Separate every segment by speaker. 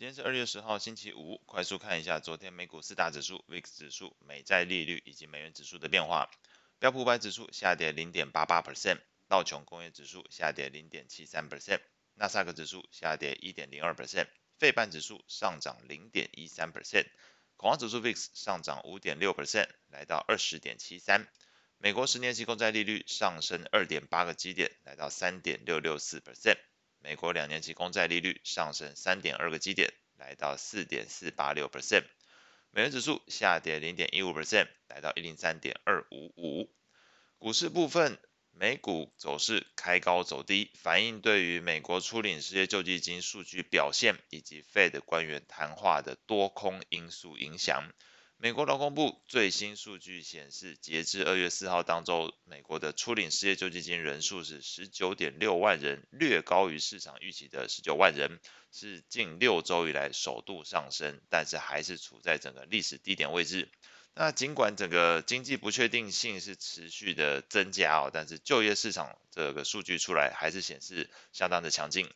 Speaker 1: 今天是二月十號，星期五。快速看一下昨天美股四大指數、VIX 指數、美債利率以及美元指數的變化。標普五百指數下跌零點八八 percent，道瓊工業指數下跌零點七三 percent，那斯達克指數下跌一點零二 percent，費半指數上漲零點一三 percent，恐慌指數 VIX 上漲五點六 percent，來到二十點七三。美國十年期公債利率上升二點八個基點，來到三點六六四 percent。美國兩年期公債利率上升三點二個基點，來到四點四八六 percent。美元指數下跌零點一五 percent，來到一零三點二五五。股市部分，美股走勢開高走低，反映對於美國初領失業救濟金數據表現以及 Fed 官員談話的多空因素影響。美國勞工部最新數據顯示，截至二月四號當週，美國的初領失業救濟金人數是十九點六萬人，略高於市場預期的十九萬人，是近六周以來首度上升，但是還是處在整個歷史低點位置。那儘管整個經濟不確定性是持續的增加哦，但是就業市場這個數據出來還是顯示相當的強勁。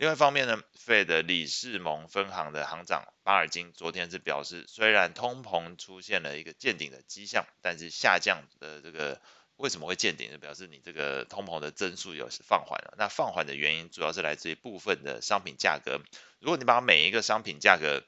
Speaker 1: 另外一方面呢，Fed 的里奇蒙分行的行長巴爾金昨天是表示，雖然通膨出現了一個見頂的跡象，但是下降的這個為什麼會見頂，就表示你這個通膨的增速有是放緩了。那放緩的原因主要是來自於部分的商品價格。如果你把每一個商品價格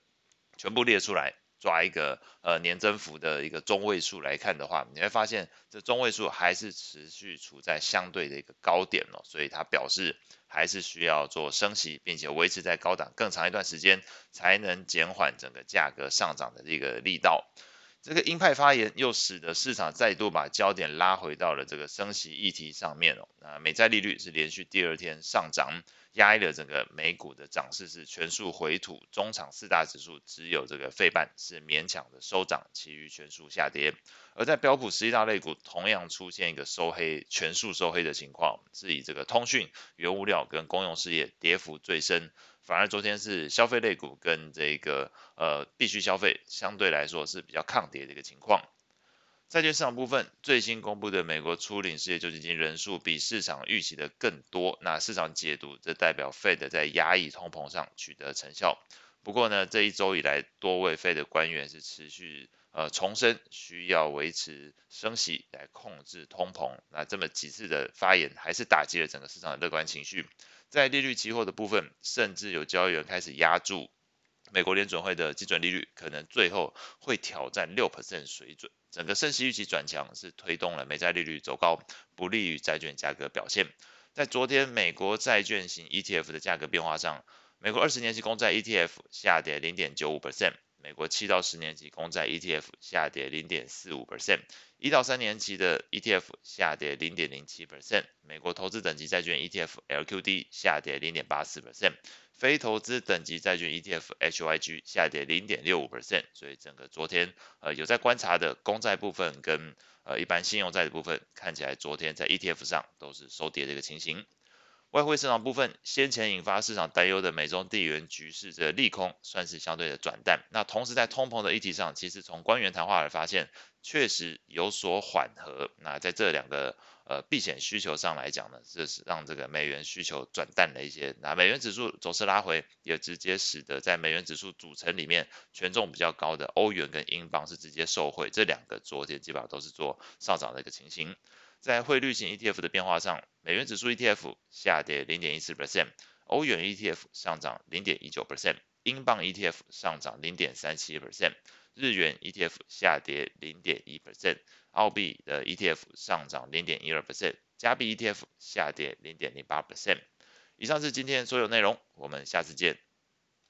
Speaker 1: 全部列出來。抓一個呃年增幅的一個中位數來看的話，你會發現這中位數還是持續處在相對的一個高點哦。所以它表示還是需要做升息，並且維持在高檔更長一段時間，才能減緩整個價格上漲的這個力道。這個鷹派發言又使得市場再度把焦點拉回到了這個升息議題上面，哦、那美債利率是連續第二天上漲，壓抑了整個美股的漲勢，是全數回吐。中場四大指數只有這個費半是勉強的收漲，其餘全數下跌。而在標普11大類股同樣出現一個收黑，全數收黑的情況，是以這個通訊、原物料跟公用事業跌幅最深。反而昨天是消費類股跟這個呃必需消費相對來說是比較抗跌的一個情況。債券市場部分，最新公布的美國初領失業救濟金人數比市場預期的更多，那市場解讀這代表 Fed 在壓抑通膨上取得成效。不過呢，這一周以來多位 Fed 官員是持續。呃，重申需要維持升息來控制通膨，那這麼幾次的發言還是打擊了整個市場的樂觀情緒，在利率期貨的部分，甚至有交易員開始押注美國聯準會的基準利率可能最後會挑戰六%水準，整個升息預期轉強是推動了美債利率走高，不利於債券價格表現。在昨天美國債券型 ETF 的價格變化上，美國二十年期公債 ETF 下跌零點九五%。美國七到十年期公債 ETF 下跌零點四五 percent，一到三年期的 ETF 下跌零點零七 percent，美國投資等級債券 ETF LQD 下跌零點八四 percent，非投資等級債券 ETF HYG 下跌零點六五 percent。所以整個昨天，呃，有在觀察的公債部分跟呃一般信用債的部分，看起來昨天在 ETF 上都是收跌的一個情形。外匯市場部分，先前引發市場擔憂的美中地緣局勢的利空算是相對的轉淡。那同時在通膨的議題上，其實從官員談話來發現，確實有所緩和。那在這兩個呃避險需求上來講呢，這是讓這個美元需求轉淡了一些。那美元指數走勢拉回，也直接使得在美元指數組成裡面權重比較高的歐元跟英鎊是直接受惠。這兩個昨天基本上都是做上漲的一個情形。在匯率型 ETF 的變化上，美元指數 ETF 下跌0.14%，歐元 ETF 上漲0.19%，英鎊 ETF 上漲0.37%，日元 ETF 下跌0.1%，澳幣的 ETF 上漲0.12%，加幣 ETF 下跌0.08%。以上是今天所有內容，我們下次見。